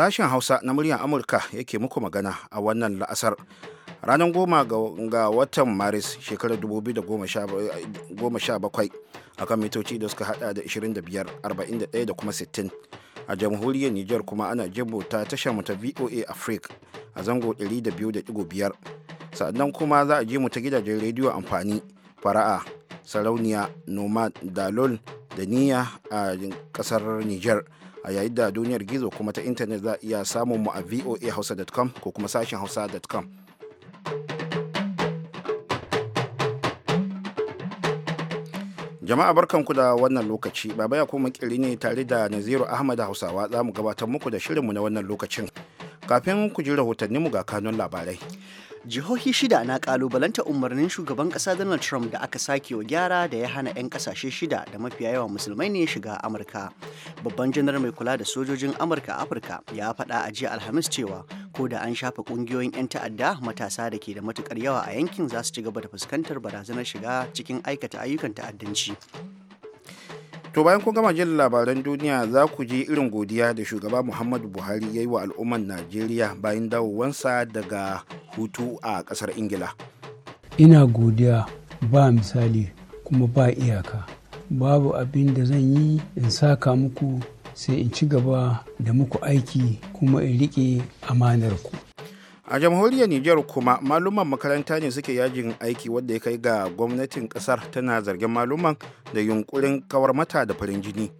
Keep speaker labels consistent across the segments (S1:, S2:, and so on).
S1: Sashen Hausa na muryar Amurka yake muku magana a wannan la'asar. Ranar goma ga watan Maris shekarar 2017 a kan mitoci da suka hada da 25, 41 da kuma 60. A jamhuriyar Nijar kuma ana jimbo ta tashar mu ta VOA Africa a zango 200.5. Sannan kuma za a je mu ta gidajen rediyo amfani fara'a sarauniya nomad dalol da niya a kasar Nijar. a yayin da duniyar gizo kuma ta intanet za a iya samun mu a voahausa.com ko kuma sashen hausa.com jama'a barkanku da wannan lokaci baba ya kuma kiri ne tare da naziru ahmad hausawa za mu gabatar muku da shirinmu na wannan lokacin kafin ku ji rahotanninmu ga kanun labarai
S2: jihohi shida na kalubalanta umarnin shugaban kasa donald trump da aka sake wa gyara da ya hana 'yan kasashe shida da mafiya yawa musulmai ne shiga amurka babban janar mai kula da sojojin amurka afirka ya faɗa a jiya alhamis cewa ko da an shafa kungiyoyin 'yan ta'adda matasa da ke da matukar yawa a yankin za su ci gaba da fuskantar barazanar shiga cikin aikata ayyukan ta'addanci To
S1: bayan kun gama jin labaran duniya za ku ji irin godiya da shugaba Muhammadu Buhari ya yi wa al'ummar Najeriya bayan dawowansa daga hutu a kasar Ingila.
S3: Ina godiya ba misali kuma ba iyaka. Babu abin da zan yi in saka muku sai in ci gaba da muku aiki kuma in riƙe amanar ku.
S1: a jamhuriyar niger kuma maluman makaranta ne suke yajin aiki wadda ya kai ga gwamnatin kasar tana zargin maluman da yunkurin kawar mata da farin jini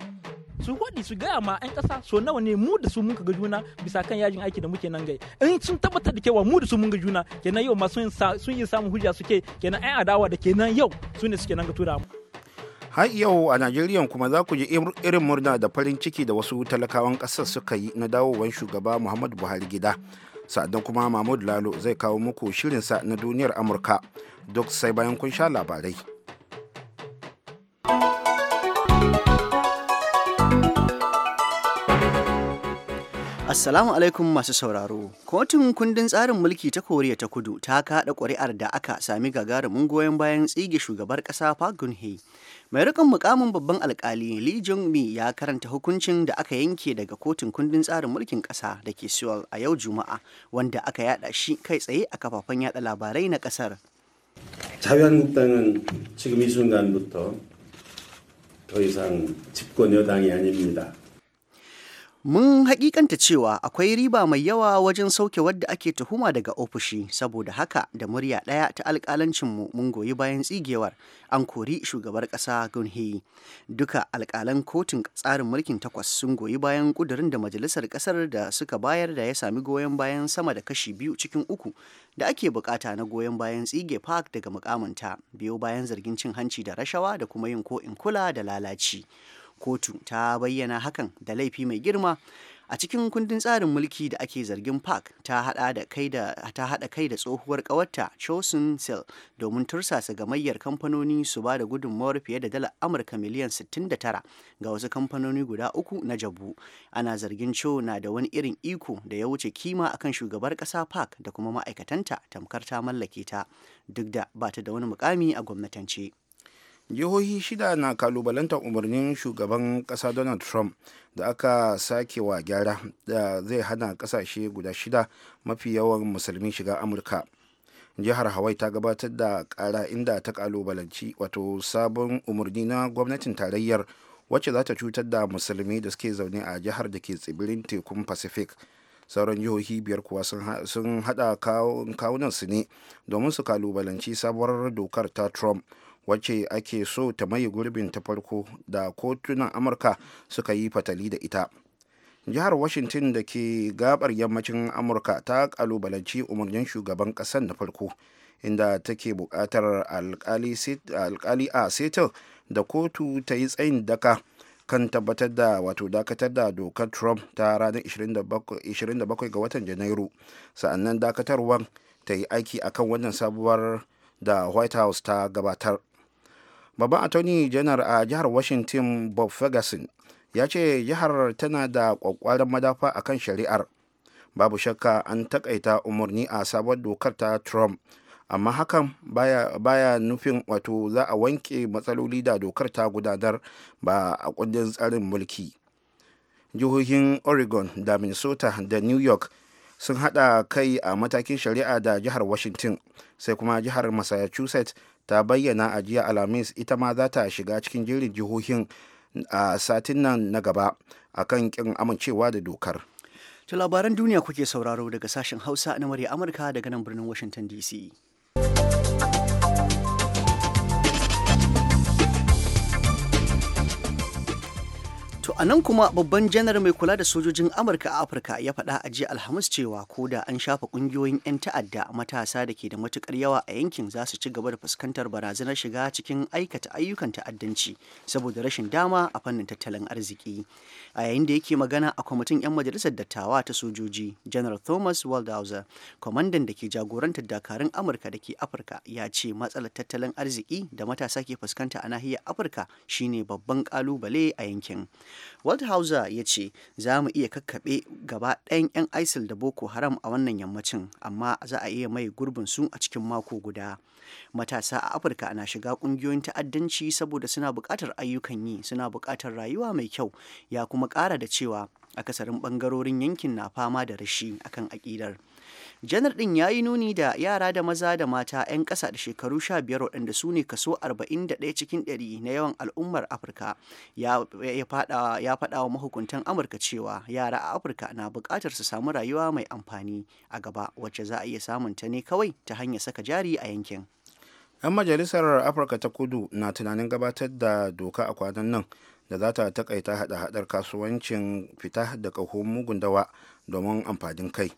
S4: su hodi su gaya ma 'yan kasa so nawa ne mu da su mun ga juna bisa kan yajin aiki da muke nan gai in sun tabbatar da cewa mu da su mun ga juna kenan yau ma sun yi samun hujja suke kenan 'yan adawa da kenan yau su ne suke nan ga tura
S1: mu har yau a najeriya kuma za ku ji irin murna da farin ciki da wasu talakawan kasar suka yi na dawowan shugaba muhammadu buhari gida sa'adan kuma mahmud lalo zai kawo muku shirinsa na duniyar amurka duk sai bayan kun sha labarai
S2: Assalamu alaikum masu sauraro. Kotun kundin tsarin mulki ta Koriya ta Kudu ta kaɗa ƙuri'ar da aka sami gagarumin goyon bayan tsige shugabar ƙasa Park Geun-hye. Mai rikon mukamin babban alkali Lee Jong-mi ya karanta hukuncin da aka yanke daga kotun kundin tsarin mulkin ƙasa da ke Seoul a yau Juma'a, wanda aka yada shi kai tsaye a kafafen yada labarai na ƙasar.
S5: 자유한국당은
S2: Mun haƙiƙanta cewa akwai riba mai yawa wajen sauke wadda ake tuhuma daga ofishi, saboda haka da murya ɗaya ta alƙalancinmu mun goyi bayan tsigewar an kori shugabar ƙasa Gunhe. Duka alƙalan kotun tsarin mulkin takwas sun goyi bayan ƙudurin da majalisar ƙasar da suka bayar da ya sami goyon bayan sama da kashi biyu cikin uku da ake bukata na goyon bayan tsige Park daga mukamanta biyo bayan zargin cin hanci da rashawa da kuma yin ko in kula da lalaci. kotu ta bayyana hakan da laifi mai girma a cikin kundin tsarin mulki da ake zargin park ta hada kai da ta hada kai da tsohuwar kawarta chosun sel domin tursasa gamayyar kamfanoni su ba da gudunmawar fiye da dala amurka miliyan 69 ga wasu kamfanoni guda uku na jabu ana zargin cho na da wani irin iko da ya wuce kima akan shugabar kasa park da kuma ma'aikatanta tamkar ta mallake ta duk da ba ta da wani mukami a gwamnatance
S1: jihohi shida na kalubalantar umarnin shugaban kasa donald trump da aka sake wa gyara da zai hana kasashe guda shida mafi yawan musulmi shiga amurka jihar hawaii ta gabatar da kara inda ta kalubalanci wato sabon umarni na gwamnatin tarayyar wacce za ta cutar da musulmi da suke zaune a jihar da ke tsibirin tekun pacific sauran jihohi biyar kuwa sun hada kawunansu ne domin su kalubalanci sabuwar dokar ta trump wacce ake so ta mai gurbin ta farko da kotunan amurka suka yi fatali da ita jihar washington da ke gabar yammacin amurka ta kalubalanci umarnin shugaban kasan na farko inda take bukatar alkali a setel da kotu ta yi tsayin daka kan tabbatar da wato dakatar da dokar trump ta ranar 27 ga watan janairu sa'annan dakatarwar ta yi aiki akan wannan sabuwar da white house ta gabatar babban attorney janar a jihar washington bob ferguson ya ce jihar tana da kwakwaran madafa a kan shari'ar babu shakka an takaita umarni a sabon dokar ta trump amma hakan baya, baya nufin wato za a wanke matsaloli da dokar ta gudanar ba a kundin tsarin mulki jihohin oregon da minnesota da new york sun hada kai a matakin shari'a da jihar washington sai kuma jihar massachusetts ta bayyana a jiya alhamis ita ma za ta shiga cikin jerin jihohin a satin nan na gaba a kan kin amincewa
S2: da dokar ta labaran duniya kuke sauraro daga sashen hausa na murya amurka daga nan birnin washington dc To a nan kuma babban janar mai kula da sojojin Amurka a Afirka ya faɗa a jiya Alhamis cewa ko da an shafa ƙungiyoyin 'yan ta'adda matasa da ke da matukar yawa a yankin za su ci gaba da fuskantar barazanar shiga cikin aikata ayyukan ta'addanci saboda rashin dama a fannin tattalin arziki. A yayin da yake magana a kwamitin 'yan majalisar dattawa ta sojoji, Janar Thomas Waldhauser, kwamandan da ke jagorantar dakarun Amurka da ke Afirka ya ce matsalar tattalin arziki da matasa ke fuskanta a nahiyar Afirka shine babban ƙalubale a yankin. Waldhauser ya ce, "Za mu iya kakkaɓe gaba ɗayan 'yan ISIL da Boko Haram a wannan yammacin, amma za a iya mai gurbin su a cikin mako guda." Matasa a Afirka na shiga ƙungiyoyin ta'addanci saboda suna buƙatar ayyukan yi, suna buƙatar rayuwa mai kyau, ya kuma ƙara da cewa akasarin ɓangarorin yankin na fama da rashi akan aƙidar. janar din ya yi nuni da yara da maza da mata 'yan kasa da shekaru 15 waɗanda su ne kaso 41 cikin 100 na yawan al'ummar afirka ya faɗa wa mahukuntan amurka cewa yara a afirka na buƙatar su samu rayuwa mai amfani a gaba wacce za a iya samun ta ne kawai ta hanyar saka jari a yankin 'yan majalisar
S1: afirka ta kudu na tunanin gabatar da doka a kwanan nan da za ta takaita haɗa-haɗar kasuwancin fita da ƙahon mugun dawa domin amfanin kai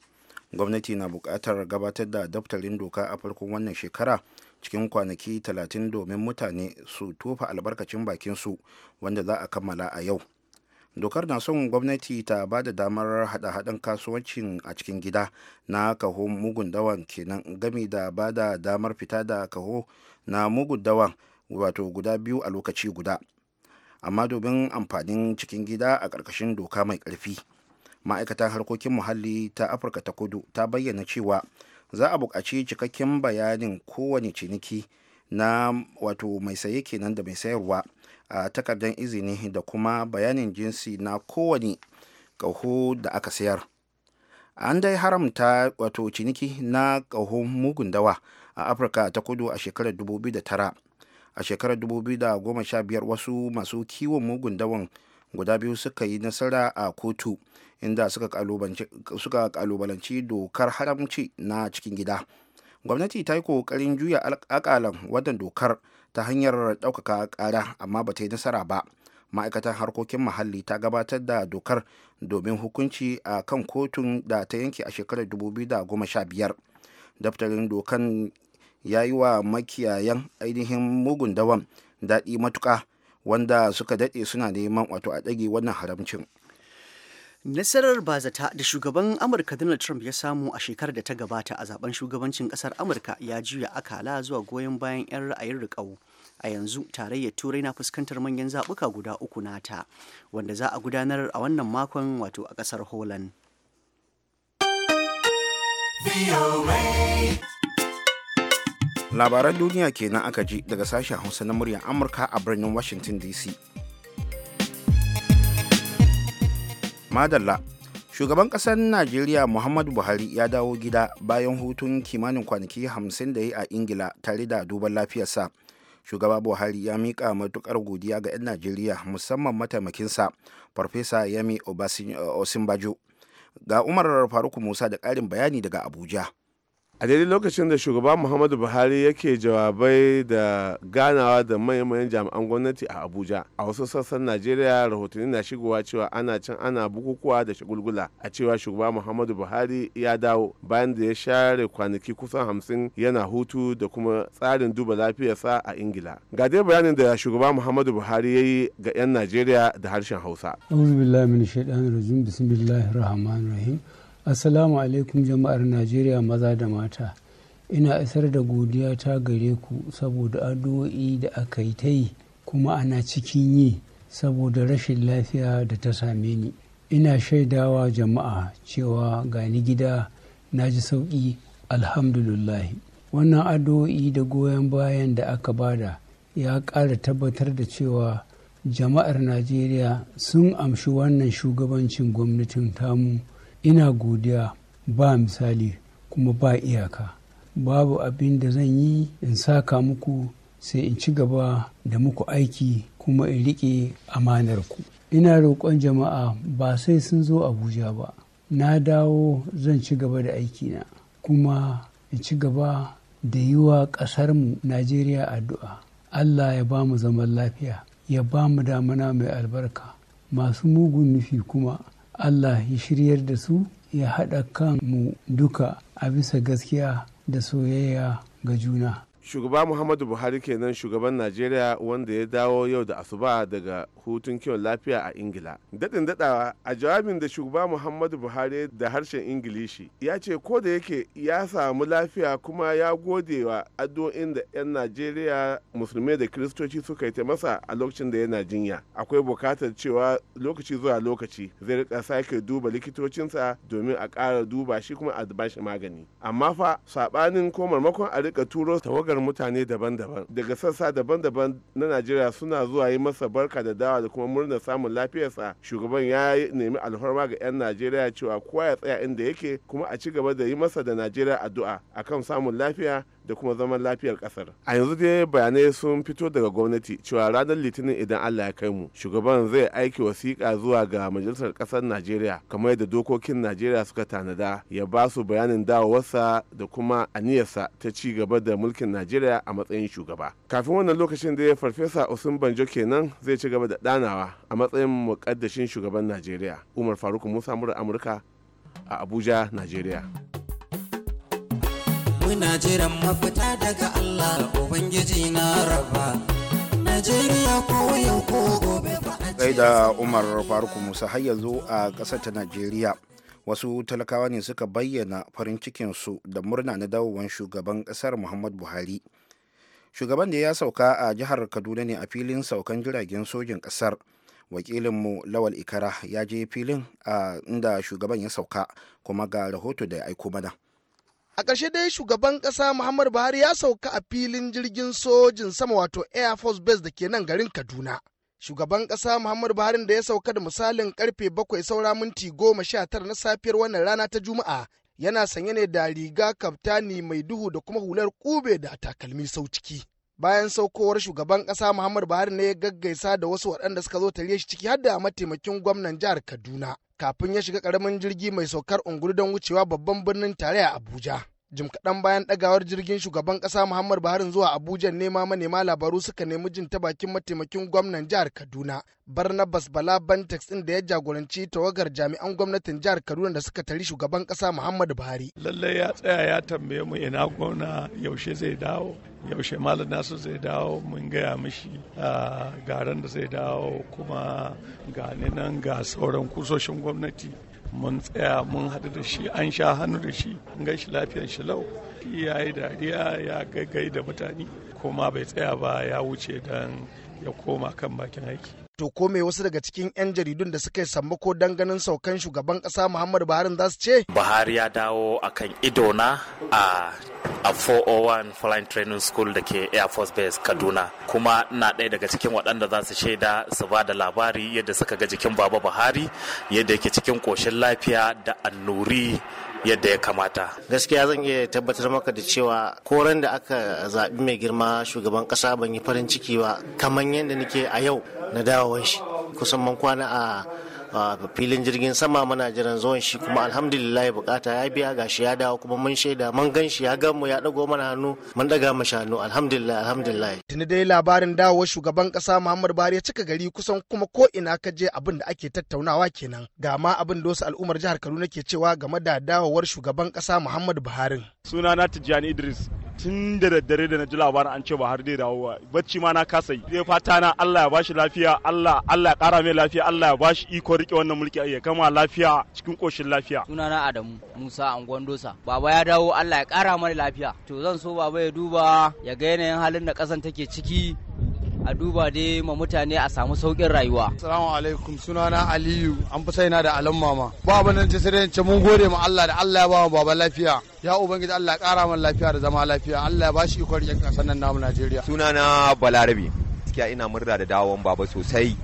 S1: gwamnati na bukatar gabatar da daftarin doka a farkon wannan shekara cikin kwanaki 30 domin mutane su tofa albarkacin bakin su wanda za a kammala a yau dokar na son gwamnati ta ba da damar hada-hadan kasuwancin a cikin gida na kaho mugun dawan kenan gami da ba da damar fita da kaho na mugun dawan wato guda biyu a lokaci guda amma domin amfanin cikin gida a ƙarƙashin doka mai ƙarfi ma'aikatan harkokin muhalli ta afirka ta kudu ta bayyana cewa za a buƙaci cikakken bayanin kowane ciniki na wato mai saye kenan da mai sayarwa a takardar izini da kuma bayanin jinsi na kowane ƙaho da aka sayar an dai haramta wato ciniki na ƙahon mugun dawa a afirka ta kudu a shekarar 2009 a shekarar 2015 wasu masu kiwon mugun dawan guda biyu suka yi nasara a kotu inda suka kalubalanci dokar haramci na cikin gida gwamnati ta yi kokarin juya akalan wannan dokar ta hanyar ɗaukaka ƙara amma ba ta yi nasara ba ma'aikatan harkokin muhalli ta gabatar da dokar domin hukunci a kan kotun da ta yanke a shekarar 2015 daftarin dokan ya yi wa makiyayan ainihin mugun dawan daɗi matuƙa wanda suka daɗe suna neman wato a ɗage wannan haramcin.
S2: Nasarar bazata da shugaban Amurka Donald Trump ya samu a shekarar da ta gabata a zaben shugabancin kasar Amurka ya juya akala zuwa goyon bayan 'yan ra'ayin riƙau. A yanzu tarayyar Turai na fuskantar manyan zaɓuka guda uku nata, wanda za a gudanar a wannan makon wato a kasar Holland.
S1: Labaran duniya kenan aka ji daga sashen Hausa na muryar Amurka a birnin Washington DC. madalla shugaban ƙasar najeriya muhammadu buhari ya dawo gida bayan hutun kimanin kwanaki 50 da yi a ingila tare da duban lafiyarsa shugaba buhari ya miƙa matuƙar godiya ga 'yan najeriya musamman mataimakinsa farfesa yami osinbajo
S5: ga umar faruk musa da ƙarin bayani daga abuja a daidai lokacin da shugaba muhammadu buhari yake jawabai da ganawa da manyan jami'an gwamnati a abuja a wasu sassan najeriya rahotanni na shigowa cewa ana can ana bukukuwa da shagulgula a cewa shugaba muhammadu buhari ya dawo bayan da ya share kwanaki kusan hamsin yana hutu da kuma tsarin duba lafiyarsa a ingila ga dai bayanin da shugaba muhammadu buhari ya yi ga 'yan najeriya da harshen hausa
S3: Assalamu alaikum jama'ar Najeriya maza da mata. Ina isar da godiya ta gare ku saboda addu'o'i da aka yi ta yi kuma ana cikin yi saboda rashin lafiya da ta same ni. Ina shaidawa jama'a cewa gani gida na ji sauƙi alhamdulillah. Wannan addu'o'i da goyon bayan da aka bada ya ƙara tabbatar da cewa jama'ar Najeriya sun amshi wannan shugabancin gwamnatin tamu. ina godiya ba misali kuma ba iyaka babu abin da zan yi in saka muku sai in ci gaba da muku aiki kuma in riƙe amanarku ina roƙon jama'a ba sai sun zo abuja ba na dawo zan ci gaba da aikina kuma in ci gaba da yi wa ƙasarmu najeriya addu'a allah ya ba mu zaman lafiya ya ba mu damana mai albarka masu mugun nufi kuma Allah ya shiryar da su ya haɗa kan mu duka a bisa gaskiya da soyayya ga juna.
S5: shugaba muhammadu buhari kenan shugaban najeriya wanda ya dawo yau da asuba daga hutun kiwon lafiya a ingila daɗin daɗawa a jawabin da shugaba muhammadu buhari da harshen ingilishi ya ce ko da yake ya samu lafiya kuma ya gode wa addu'o'in da 'yan najeriya musulmai da kiristoci suka yi ta masa a lokacin da yana jinya akwai bukatar cewa lokaci zuwa lokaci zai rika sake duba likitocinsa domin a ƙara duba shi kuma a bashi magani amma fa saɓanin ko marmakon a rika turo tawaga tawagar mutane daban-daban daga sassa daban-daban na najeriya suna zuwa yi masa barka da dawa da kuma murnar samun lafiyarsa shugaban ya nemi alfarma ga 'yan najeriya cewa kowa ya tsaya inda yake kuma a ci gaba da yi masa da najeriya addu'a akan samun lafiya da kuma zaman lafiyar kasar a yanzu dai bayanai sun fito daga gwamnati cewa ranar litinin idan allah ya kai mu shugaban zai aiki wasiƙa zuwa ga majalisar ƙasar najeriya kamar yadda dokokin najeriya suka tanada ya ba su bayanin dawowarsa da kuma aniyarsa ta ci gaba da mulkin najeriya a matsayin shugaba kafin wannan lokacin dai farfesa usman banjo kenan zai ci gaba da danawa a matsayin muƙaddashin shugaban najeriya umar faruk musa mura amurka a abuja najeriya
S6: muna jiran
S5: mafita daga Allah Ubangiji na raba. Najeriya
S2: ko yau ko gobe
S1: ba a da Umar Faruk Musa har yanzu a ƙasar ta Najeriya. Wasu talakawa ne suka bayyana farin cikinsu da murna na dawowar shugaban ƙasar muhammadu Buhari. Shugaban da ya sauka a jihar Kaduna ne a filin saukan jiragen sojin ƙasar. Wakilinmu Lawal Ikara ya je filin a inda shugaban ya sauka kuma ga rahoto da ya aiko mana.
S7: A ƙarshe dai shugaban ƙasa Muhammadu Buhari ya sauka a filin jirgin sojin sama wato Air Force Base da ke nan garin Kaduna. Shugaban ƙasa Muhammadu Buhari da ya sauka da misalin karfe bakwai saura minti goma sha tara na safiyar wannan rana ta Juma'a yana sanye ne da riga kaftani mai duhu da kuma hular ƙube da takalmi sau ciki. bayan saukowar shugaban ƙasa Muhammadu Buhari ne ya gaggaisa da wasu waɗanda suka zo tare shi ciki har da mataimakin gwamnan jihar Kaduna. kafin ya shiga ƙaramin jirgi mai saukar ungulu don wucewa babban birnin tarayya Abuja. jim kaɗan bayan ɗagawar jirgin shugaban ƙasa muhammad buhari zuwa abuja nema manema labaru suka nemi jin ta bakin mataimakin gwamnan jihar kaduna barnabas bala bantex ɗin da ya jagoranci tawagar jami'an gwamnatin jihar kaduna da suka tari shugaban ƙasa muhammad buhari
S8: lallai ya tsaya ya tambaye mu ina gwamna yaushe zai dawo yaushe malam nasu zai dawo mun gaya mishi ah, garan da zai dawo kuma ga nan ga sauran kusoshin gwamnati mun tsaya mun haɗu da shi an sha hannu da shi an shi lafiyar shi lau ya yi dariya ya gaggai da mutane kuma bai tsaya ba ya wuce don ya koma kan bakin aiki
S7: wato kome wasu daga cikin 'yan jaridun da suka yi sammako don ganin saukan shugaban ƙasa muhammadu buhari za su ce
S4: buhari ya dawo akan idona a a 401 flying training school da ke air force base kaduna kuma na ɗaya daga cikin waɗanda za su shaida su ba da labari yadda suka ga jikin baba buhari yadda yake cikin ƙoshin lafiya da annuri yadda ya kamata
S1: gaskiya zan iya tabbatar maka da cewa koren da aka zaɓi mai girma shugaban ƙasa ban yi farin ciki ba kamar yadda nake a yau na dawowar shi kusan man kwana a a filin jirgin sama muna jiran zuwan shi kuma alhamdulillah bukata ya biya gashi ya dawo kuma mun shaida mun gan shi ya gan mu ya dago mana hannu mun daga mu shanu alhamdulillah alhamdulillah
S7: tuni dai labarin dawowar shugaban kasa muhammadu Buhari ya cika gari kusan kuma ko ina ka je abin da ake tattaunawa kenan ga ma abin da wasu al'ummar jihar Kaduna ke cewa game da dawowar shugaban kasa muhammadu Buhari
S4: sunana Tijjani Idris tun da daddare da na ji labarin an ce ba har dai dawo bacci ma na kasa yi dai fata na Allah ya bashi lafiya Allah Allah ya kara mai lafiya Allah ya bashi iko rike wannan mulki ya kama lafiya
S6: cikin koshin lafiya sunana Adamu Musa Angwandosa baba ya dawo Allah ya kara mana lafiya to zan so baba ya duba ya ga yanayin halin da kasan take ciki a duba dai ma mutane a samu saukin rayuwa. Assalamu alaikum sunana Aliyu an fi saina da alam mama.
S9: Ba abin da sai dai ce mun gode ma Allah da Allah ya ba mu baba lafiya. Ya ubangiji Allah kara mana lafiya da zama lafiya. Allah ya bashi ikon riƙe ƙasar nan namu Najeriya.
S1: Sunana Balarabe. Gaskiya ina murna da dawon baba sosai.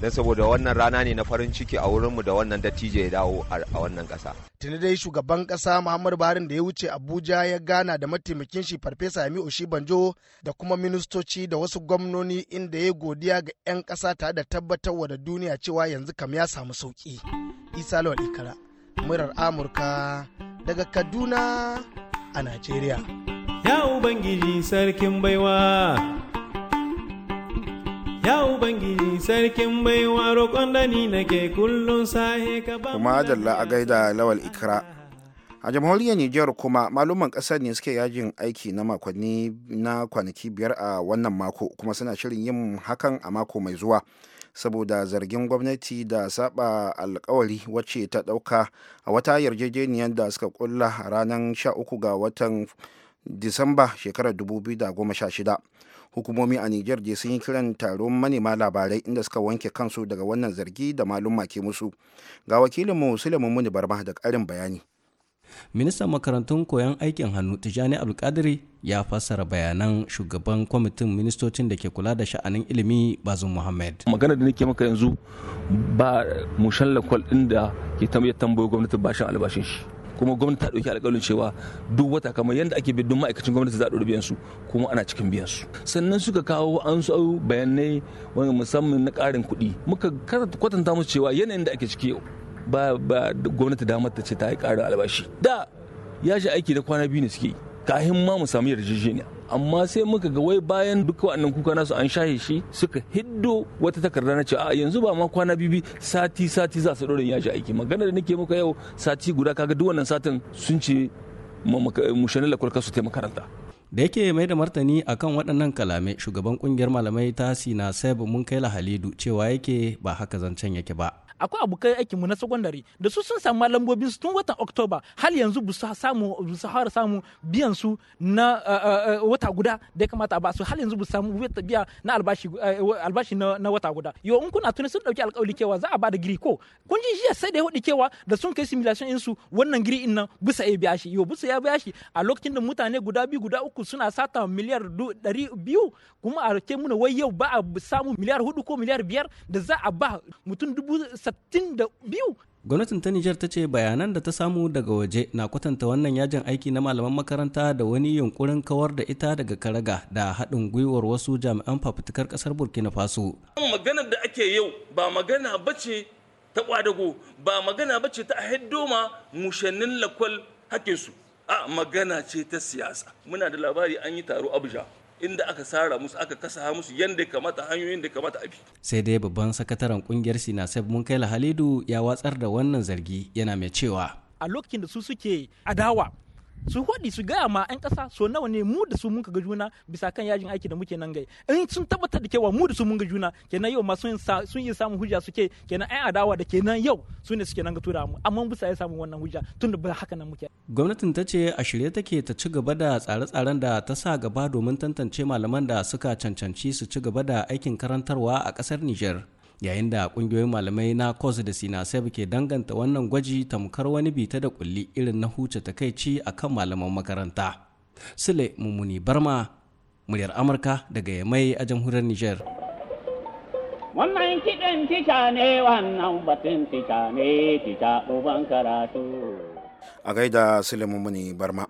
S1: Don saboda wannan rana ne na farin ciki a wurinmu da wannan dattijo ya dawo a wannan kasa.
S7: tuni dai shugaban kasa muhammadu buhari da ya wuce abuja ya gana da mataimakin shi farfesa yami banjo da kuma ministoci da wasu gwamnoni inda ya godiya ga 'yan kasa tare da tabbatarwa da duniya cewa yanzu kam ya samu sauki isa lawal ikara murar amurka daga kaduna a najeriya
S6: ya ubangiji sarkin baiwa Ya Ubangiji sarkin baiwa roƙon nake kullum sahe ka ba. Kuma
S1: ajalla a gaida lawal ikra. A jamhuriyar Nijar kuma maluman ƙasar ne suke yajin aiki na makonni na kwanaki biyar a wannan mako kuma suna shirin yin hakan a mako mai zuwa. saboda zargin gwamnati da saba alkawari wacce ta dauka a wata yarjejeniyar da suka kulla a ranar 13 ga watan disamba shekarar 2016 hukumomi a nijar je sun yi kiran taron manema labarai inda suka wanke kansu daga wannan zargi da malumma ke musu ga wakilin sulaiman muni barma da ƙarin bayani
S6: ministan makarantun koyon aikin hannu tijani abdulkadiri ya fassara bayanan shugaban kwamitin ministocin da ke kula da sha'anin ilimi bazum muhammad magana da nake maka yanzu ba mushallakwal inda ke tambaye
S4: tambayo gwamnati bashin albashin shi kuma gwamnati ta dauki alƙalin cewa duk wata kamar yadda ake bin ma'aikacin gwamnati za a ɗori biyansu kuma ana cikin biyansu sannan suka kawo an su bayanai wani musamman na ƙarin kuɗi muka kwatanta musu cewa yanayin da ake ciki ba gwamnati damar ta ce ta yi ƙarin albashi da ya shi aiki da kwana biyu ne suke yi kahin ma mu samu yarjejeniya amma sai muka ga wai bayan duk wannan kuka nasu an shahe shi suka hiddo wata takarda na cewa a yanzu ba ma kwana bibi sati sati za su dorin yaji aiki magana da nake
S6: muka yau sati guda kaga duk wannan satin sun ce mushanin lakwar kasu ta makaranta da yake mai da martani akan waɗannan kalamai shugaban kungiyar malamai tasi na sai mun kai lahalidu cewa yake ba haka zancen yake ba
S4: akwai abokan aikin mu na secondary da su sun samu lambobin su tun watan october hal yanzu bu su samu bu su har samu biyan su na eh, eh, eh, wata guda da ya kamata a ba su hal yanzu bu samu biya na albashi albashi na wata guda yo in kuna tuni sun dauki alƙawari cewa za a ba da giri ko kun ji jiya sai da ya hudu cewa da sun kai simulation din su wannan giri in nan bisa ya biya shi yo bisa ya biya shi a lokacin da mutane guda biyu guda uku suna sata miliyar ɗari biyu kuma a ke muna wai yau ba a samu miliyar hudu ko miliyar biyar da za a ba mutum dubu 62
S6: gwamnatin ta nijar ta ce bayanan da ta samu daga waje na kwatanta wannan yajin aiki na malaman makaranta da wani yunkurin kawar da ita daga karaga da haɗin gwiwar wasu jami'an fafutukar ƙasar burkina faso
S4: maganar da ake yau ba magana bace ta kwadago ba magana bace ta ma mushannin lakwal hakinsu a magana ce ta siyasa muna da labari an yi taro abuja inda aka sara musu aka kasa musu yadda kamata hanyoyin da kamata
S6: a bi. Sai dai babban sakataren kungiyar mun kai Halidu ya watsar da wannan zargi yana mai cewa.
S4: A lokacin da su suke adawa su hodi su gaya ma 'yan kasa so nawa ne mu da su mun ga juna bisa kan yajin aiki da muke nan gai in sun tabbatar da cewa mu da su mun ga juna kenan yau ma sun yi samun hujja suke kenan 'yan adawa da kenan yau su ne suke nan ga tura mu amma bisa ya samu wannan hujja tun da ba haka nan muke.
S6: gwamnatin ta ce a shirye take ta ci gaba da tsare-tsaren da ta sa gaba domin tantance malaman da suka cancanci su ci gaba da aikin karantarwa a kasar Nijar. yayin da kungiyoyin malamai na kos da sinasef ke danganta wannan gwaji tamkar wani bita da kulli irin na huce takaici a kan malaman makaranta sule mummuni barma muryar amurka daga yamai a jamhuriyar niger
S2: wannan kiɗin tica ne wannan batun tica ne uban karatu
S1: a gaida sule mummuni barma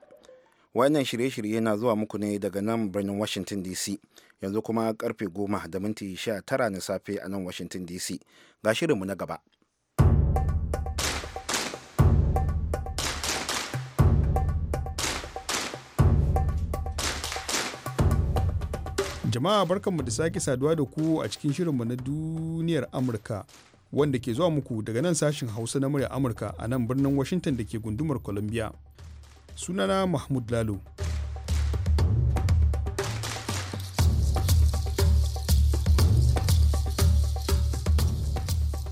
S1: wannan shirye-shirye na zuwa muku ne daga nan birnin washington dc yanzu kuma karfe goma da minti sha tara na safe a nan washington dc ga shirinmu na gaba
S8: jama'a barkanmu da sake saduwa da ku a cikin shirinmu na duniyar amurka wanda ke zuwa muku daga nan sashin hausa na murya amurka a nan birnin washington da ke gundumar columbia sunana mahmud lalo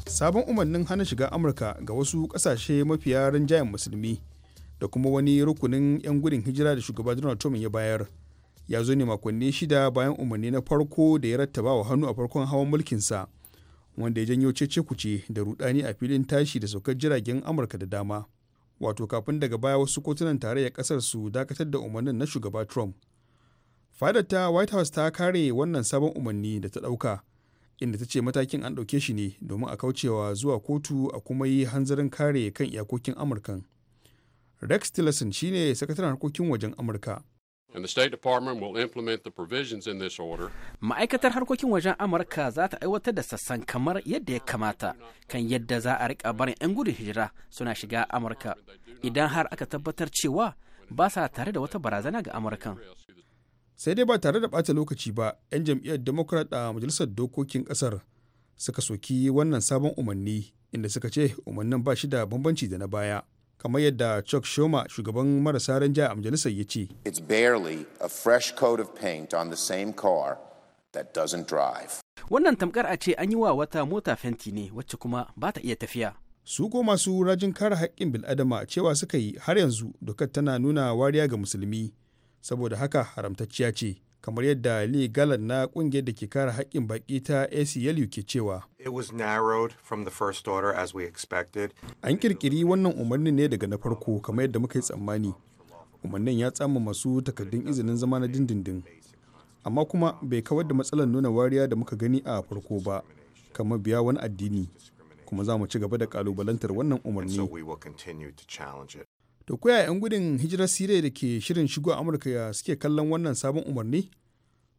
S8: sabon umarnin hana shiga amurka ga wasu kasashe mafiya rinjayen musulmi da kuma wani rukunin 'yan gudun hijira da shugaba donald trump ya bayar ya zo ne makonni shida bayan umarni na farko da ya rattaba wa hannu a farkon hawan mulkinsa wanda ya janyo cece kuce da rudani a filin tashi da saukar jiragen amurka da dama wato kafin daga baya wasu kotunan tarayyar kasar su dakatar da umarnin na shugaba trump fadar ta white house ta kare wannan sabon umarni da ta ɗauka inda ta ce matakin an ɗauke shi ne domin a kaucewa zuwa kotu a kuma yi hanzarin kare kan iyakokin amurkan rex tillerson shine sakataren harkokin wajen amurka
S2: and the State implement the provisions in this order.
S6: Ma'aikatar harkokin wajen Amurka za ta aiwatar da sassan kamar yadda ya kamata kan yadda za a rika barin 'yan gudun hijira suna shiga Amurka idan har aka tabbatar cewa ba sa tare da wata barazana ga Amurkan.
S8: Sai dai ba tare da ɓata lokaci ba, 'yan jam'iyyar Democrat a Majalisar Dokokin Ƙasar suka soki wannan sabon umarni inda suka ce umarnin ba shi da bambanci da na baya. kamar yadda chuck shoma shugaban marasa ranja a majalisar ya ce
S1: it's barely a fresh coat of paint on the same car that doesn't drive
S6: wannan tamkar a ce an yi wa wata mota fenti ne wacce kuma ba ta iya tafiya su ko masu rajin kare
S8: haƙƙin bil'adama cewa suka yi har yanzu dokar tana nuna wariya ga musulmi saboda haka haramtacciya ce kamar yadda Lee galan na kungiyar da ke kare haƙƙin baƙi ta ACLU ke cewa.
S5: it from the as we expected
S8: An kirkiri wannan umarnin ne daga na farko kamar yadda muka yi tsammani. Umarnin ya tsama masu takardun izinin zama na dindindin. Amma kuma bai kawar da matsalar nuna wariya da muka gani a farko ba, kamar biya wani addini. Kuma za mu ci gaba da kalubalantar wannan umarni. To kuya 'yan gudun hijirar Siriya da ke shirin shigo Amurka suke kallon wannan sabon umarni?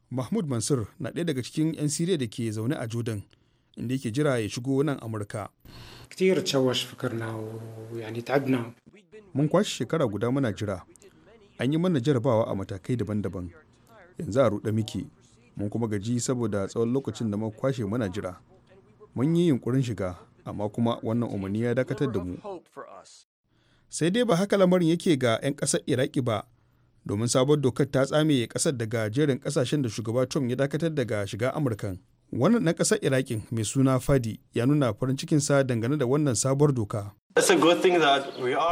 S8: Mahmud Mansur na ɗaya daga cikin 'yan Siriya da ke zaune a Jordan inda yake jira ya shigo nan Amurka. Mun kwashe shekara guda muna jira. An yi mana jarabawa a matakai daban-daban. Yanzu a ruɗe muke. Mun kuma gaji saboda tsawon lokacin da muka kwashe muna jira. Mun yi yunkurin shiga, amma kuma wannan umarni ya dakatar da mu. sai dai ba haka lamarin yake ga 'yan ƙasar iraki ba domin sabon dokar ta tsame ƙasar daga jerin ƙasashen da shugaba trump ya dakatar daga shiga amurkan wannan na ƙasar irakin mai suna fadi ya nuna farin cikin sa dangane da wannan sabuwar doka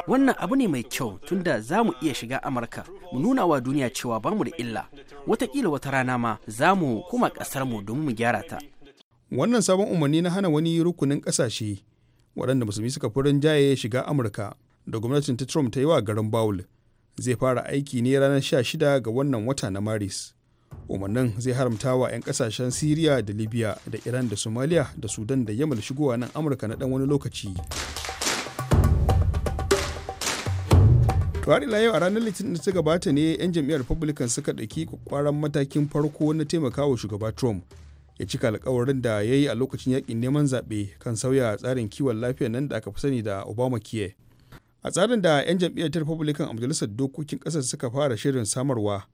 S6: wannan abu ne mai kyau tunda za mu iya shiga amurka mu nuna wa duniya cewa ba mu da illa watakila wata rana ma za mu kuma ƙasar mu domin mu gyara ta
S8: wannan sabon umarni na hana wani rukunin ƙasashe waɗanda musulmi suka fi jaye shiga amurka da gwamnatin ta Trump ta yi wa garin Bawul zai fara aiki ne ranar 16 ga wannan wata na Maris. Umarnin zai haramta wa 'yan kasashen Siriya da Libya da Iran da Somalia da Sudan da Yamal shigowa nan Amurka na ɗan wani lokaci. Tuwari yau a ranar Litinin da ta gabata ne 'yan jam'iyyar Republican suka ɗauki kwakwaran matakin farko na taimakawa shugaba Trump ya cika alkawarin da ya yi a lokacin yakin neman zaɓe kan sauya tsarin kiwon lafiya nan da aka fi sani da Obamacare. a tsarin da 'yan jam'iyyar republican a majalisar dokokin ƙasar suka fara shirin samarwa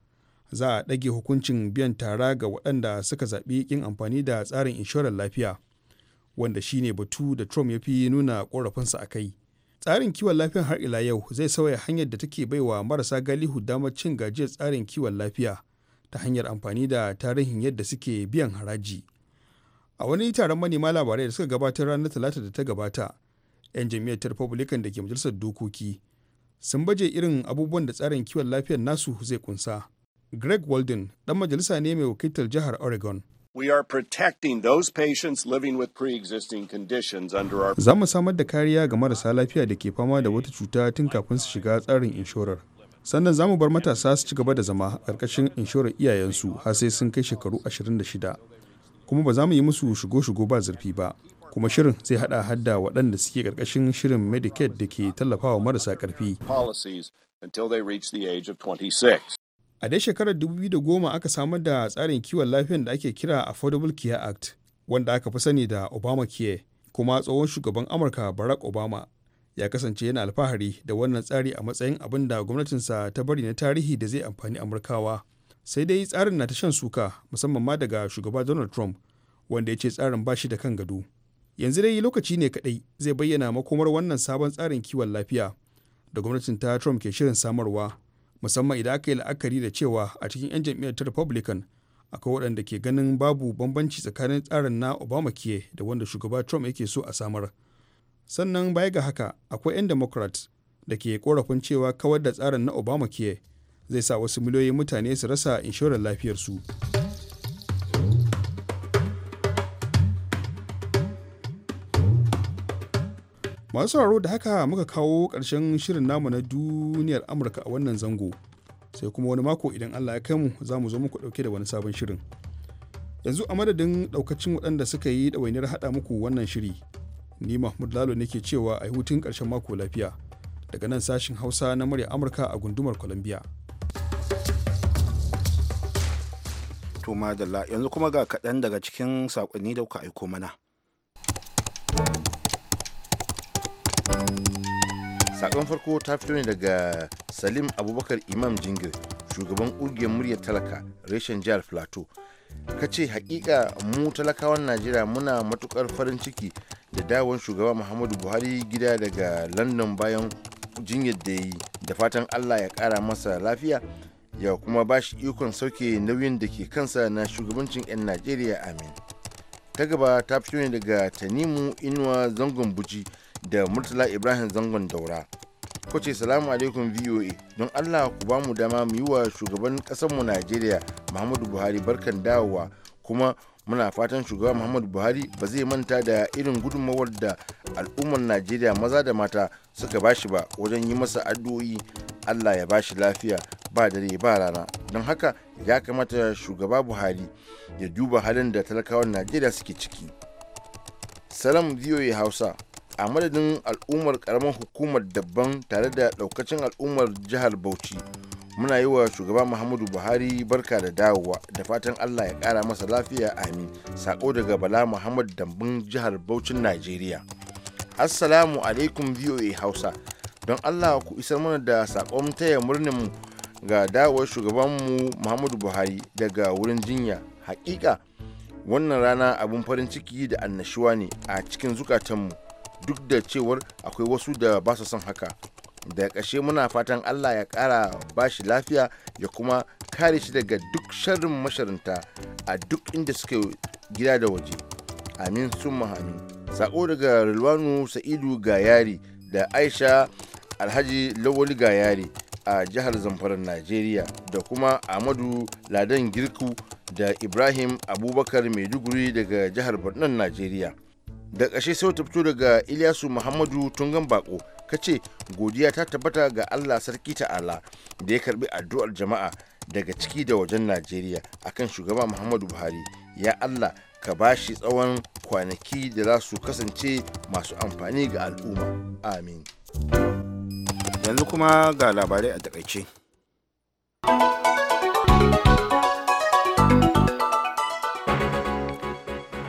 S8: za a ɗage hukuncin biyan tara ga waɗanda suka zaɓi ƙin amfani da tsarin inshorar lafiya wanda shine batu da trump ya fi nuna ƙorafinsa a kai tsarin kiwon lafiyar har ila yau zai sauya hanyar da take bai wa marasa galihu damar cin gajiyar tsarin kiwon lafiya ta hanyar amfani da tarihin yadda suke biyan haraji a wani taron manema labarai da suka gabatar ranar talata da ta gabata 'yan jam'iyyar republican da ke majalisar dokoki sun baje irin abubuwan da tsarin kiwon lafiyar nasu zai kunsa greg walden dan majalisa ne mai wakiltar jihar oregon za mu samar da kariya ga marasa lafiya da ke fama da wata cuta tun kafin su shiga tsarin inshorar sannan za mu bar matasa su ci gaba da zama a ƙarƙashin inshorar iyayensu har sai sun kai shekaru 26 kuma ba za mu yi musu shigo-shigo ba zurfi ba kuma shirin zai hada hadda waɗanda suke ƙarƙashin shirin medicaid da ke tallafawa marasa ƙarfi a dai shekarar 2010 aka samar da tsarin kiwon lafiyan da ake kira affordable care act wanda aka fi sani da obamacare kuma tsohon shugaban amurka barack obama ya kasance yana alfahari da wannan tsari a matsayin abin da gwamnatinsa ta bari na tarihi da zai amfani amurkawa sai dai tsarin na ta shan suka musamman ma daga shugaba donald trump wanda ya ce tsarin ba shi da kan gado yanzu dai lokaci ne kadai zai bayyana makomar wannan sabon tsarin kiwon lafiya da gwamnatin ta trump ke shirin samarwa musamman idan aka yi la'akari da cewa a cikin 'yan jam'iyyar ta republican akwai waɗanda ke ganin babu bambanci tsakanin tsarin na obamacare da wanda shugaba trump yake so a samar sannan baya ga haka akwai 'yan democrat da ke korafin cewa kawar da tsarin na obamacare zai sa wasu miliyoyin mutane su rasa inshorar lafiyarsu. su masu sauraro da haka muka kawo ƙarshen shirin namu na duniyar amurka a wannan zango sai kuma wani mako idan allah ya kai mu za mu zo muku dauke da wani sabon shirin yanzu a madadin daukacin waɗanda suka yi ɗawainiyar haɗa muku wannan shiri ni mahmud lalo nake cewa a hutun ƙarshen mako lafiya daga nan sashin hausa na murya amurka a gundumar columbia
S1: to yanzu kuma ga kaɗan daga cikin saƙonni da kuka
S9: aiko mana sakon farko ta fito ne daga salim abubakar imam jingir shugaban ƙungiyar muryar talaka reshen jihar plateau ka ce hakika mu talakawan najeriya muna matukar farin ciki da dawon shugaba muhammadu buhari gida daga london bayan jinyar da yi da fatan allah ya kara masa lafiya ya kuma ba shi ikon sauke nauyin da ke kansa na shugabancin 'yan najeriya amin ta gaba ta fito ne daga tanimu inuwa zangon buji da murtala ibrahim zangon daura ku ce salamu alaikum voa don allah ku ba mu dama mu yi wa shugaban mu najeriya muhammadu buhari barkan dawowa kuma muna fatan shugaba muhammadu buhari ba zai manta da irin gudunmawar da al'ummar najeriya maza da mata suka bashi ba wajen yi masa addu'o'i allah ya bashi lafiya ba dare ba rana don haka ya kamata shugaba buhari ya duba halin da talakawan najeriya suke ciki salam voa hausa a madadin al'ummar karamar hukumar dabban tare da daukacin al'ummar jihar bauchi muna yi wa shugaba muhammadu buhari barka da dawowa da fatan allah ya kara masa lafiya amin sako daga bala muhammad dambun jihar bauchin najeriya assalamu alaikum voa hausa don allah ku isar mana da sakon taya murnin ga dawowar shugabanmu muhammadu buhari daga wurin jinya hakika wannan rana abin farin ciki da annashuwa ne a cikin zukatanmu duk da cewar akwai wasu da ba su son haka da ƙashe muna fatan allah ya ƙara ba shi lafiya ya kuma kare shi daga duk sharrin masharinta a duk inda suke gida da waje amin sun amin sako daga rilwanu sa'idu gayari da aisha alhaji lawali gayari a jihar zamfara najeriya da kuma amadu ladan girku da ibrahim abubakar maiduguri daga jihar borno najeriya da ƙashe sai ta fito daga ilyasu muhammadu tungan bako ka ce godiya ta tabbata ga allah sarki ta'ala da ya karbi addu'ar jama'a daga ciki da wajen najeriya akan shugaba muhammadu buhari ya allah ka ba shi tsawon kwanaki da za su kasance masu amfani ga al'umma amin yanzu kuma ga labarai a takaice.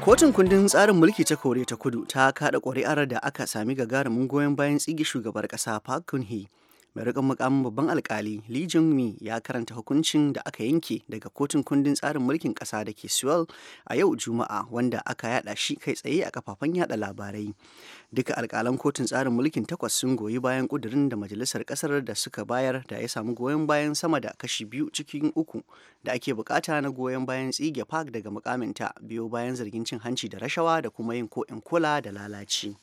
S2: Kotun kundin tsarin mulki ta Koriya ta Kudu ta kada ƙuri'ar da aka sami gagarumin goyon bayan tsigi shugabar ƙasa Park Geun-hye mai rikon mukamin babban alkali Lee Jung Mi ya karanta hukuncin da aka yanke daga kotun kundin tsarin mulkin kasa da ke Seoul a yau Juma'a wanda aka yada shi kai tsaye a kafafen yada labarai. Duka alkalan kotun tsarin mulkin takwas sun goyi bayan kudirin da majalisar kasar da suka bayar da ya samu goyon bayan sama da kashi biyu cikin uku da ake bukata na goyon bayan tsige Park daga mukaminta biyo bayan zargin cin hanci da rashawa da kuma yin ko'in kula da lalaci.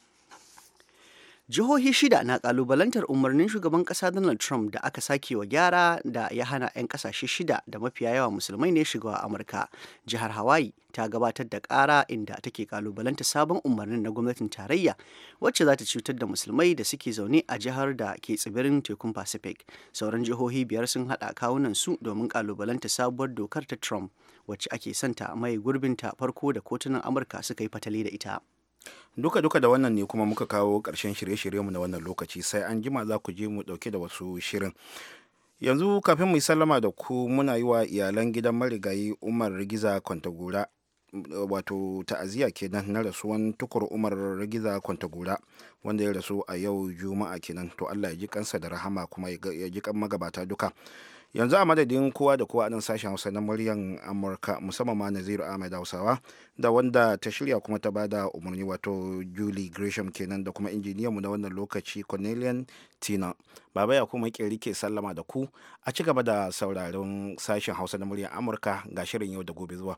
S2: jihohi shida na kalubalantar umarnin shugaban kasa donald trump da aka sake wa gyara da ya hana 'yan kasashe shida da mafiya yawa musulmai ne shiga amurka jihar hawaii ta gabatar da kara inda take kalubalanta sabon umarnin na gwamnatin tarayya wacce za ta cutar da musulmai da suke zaune a jihar da ke tsibirin tekun pacific sauran jihohi biyar sun hada kawunan su domin kalubalanta sabuwar dokar ta trump wacce ake santa mai gurbinta farko da kotunan amurka suka yi fatali da ita
S1: duka-duka da wannan ne kuma muka kawo ƙarshen shirye-shiryenmu na wannan lokaci sai an jima za ku je mu ɗauke da wasu shirin yanzu kafin mu yi sallama da ku muna yi wa iyalan gidan marigayi umar rigiza kwantagura. wato ta'aziyya kenan na rasuwan tukur umar ragiza kwantagura wanda ya rasu a yau juma'a kenan to allah ya ji kansa da rahama kuma ya ji kan magabata duka yanzu a madadin kowa da kowa nan sashen hausa na muryan amurka musamman ma naziru ahmed hausawa da wanda ta shirya kuma ta bada umarni wato julie gresham kenan da kuma injiniyanmu na wannan lokaci cornelian tina baba ya kuma kiri ke sallama da ku a ci gaba da sauraron sashen hausa na muryan amurka ga shirin yau da gobe zuwa